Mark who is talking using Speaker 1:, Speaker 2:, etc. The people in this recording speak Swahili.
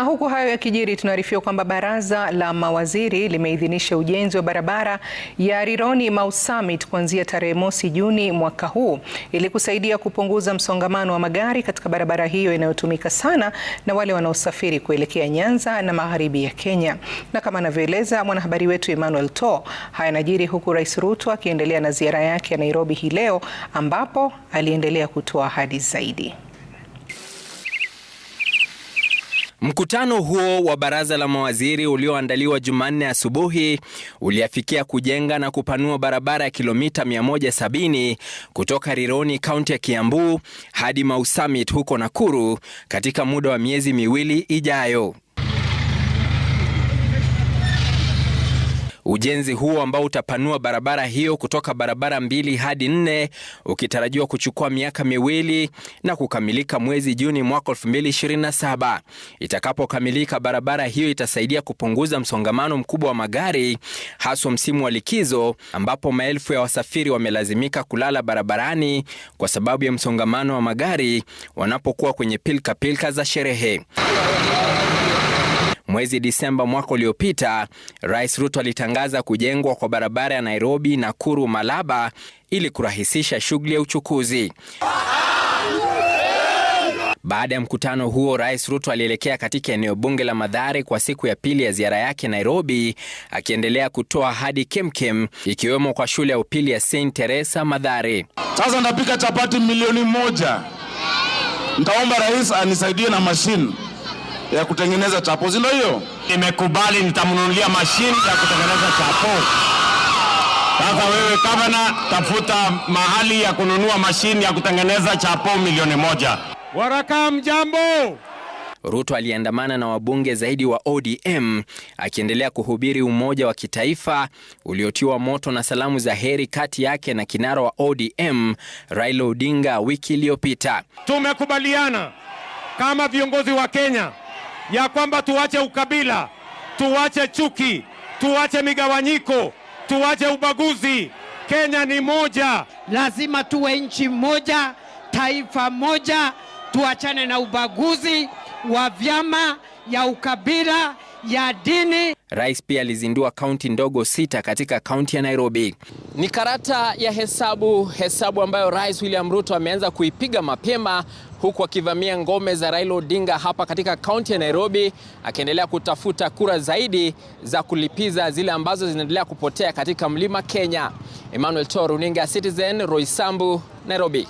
Speaker 1: Na huku hayo yakijiri, tunaarifiwa kwamba baraza la mawaziri limeidhinisha ujenzi wa barabara ya Rironi Mau Summit kuanzia tarehe mosi Juni mwaka huu ili kusaidia kupunguza msongamano wa magari katika barabara hiyo inayotumika sana na wale wanaosafiri kuelekea Nyanza na magharibi ya Kenya. Na kama anavyoeleza mwanahabari wetu Emmanuel To, haya yanajiri huku Rais Ruto akiendelea na ziara yake ya Nairobi hii leo ambapo aliendelea kutoa ahadi zaidi.
Speaker 2: Mkutano huo wa baraza la mawaziri ulioandaliwa Jumanne asubuhi uliafikia kujenga na kupanua barabara ya kilomita 170 kutoka Rironi, kaunti ya Kiambu hadi Mau Summit huko Nakuru katika muda wa miezi miwili ijayo. Ujenzi huo ambao utapanua barabara hiyo kutoka barabara mbili hadi nne ukitarajiwa kuchukua miaka miwili na kukamilika mwezi Juni mwaka 2027. Itakapokamilika, barabara hiyo itasaidia kupunguza msongamano mkubwa wa magari, haswa msimu wa likizo ambapo maelfu ya wasafiri wamelazimika kulala barabarani kwa sababu ya msongamano wa magari wanapokuwa kwenye pilkapilka pilka za sherehe. Mwezi Disemba mwaka uliopita, Rais Ruto alitangaza kujengwa kwa barabara ya Nairobi Nakuru Malaba ili kurahisisha shughuli ya uchukuzi. Baada ya mkutano huo, Rais Ruto alielekea katika eneo bunge la Madhare kwa siku ya pili ya ziara yake Nairobi, akiendelea kutoa ahadi kemkem, ikiwemo kwa shule ya upili ya St Teresa Madhare.
Speaker 3: Sasa ndapika chapati milioni moja, nitaomba rais anisaidie na mashine ya kutengeneza chapo, si ndio hiyo?
Speaker 4: Nimekubali, nitamnunulia mashini ya kutengeneza chapo. Sasa wewe gavana, tafuta mahali ya kununua mashini ya kutengeneza chapo milioni moja. Waraka mjambo.
Speaker 2: Ruto aliandamana na wabunge zaidi wa ODM akiendelea kuhubiri umoja wa kitaifa uliotiwa moto na salamu za heri kati yake na kinara wa ODM Raila Odinga wiki iliyopita.
Speaker 5: Tumekubaliana kama viongozi wa Kenya ya kwamba tuache ukabila, tuache chuki, tuache migawanyiko, tuache ubaguzi. Kenya ni moja,
Speaker 6: lazima tuwe nchi moja, taifa moja. Tuachane na ubaguzi wa vyama, ya ukabila, ya dini.
Speaker 2: Rais pia alizindua kaunti ndogo sita katika kaunti ya Nairobi.
Speaker 7: Ni karata ya hesabu, hesabu ambayo Rais William Ruto ameanza kuipiga mapema huku akivamia ngome za Raila Odinga hapa katika kaunti ya Nairobi, akiendelea kutafuta kura zaidi za kulipiza zile ambazo zinaendelea kupotea katika mlima Kenya. Emmanuel Toro, runinga Citizen, Sambu, Nairobi.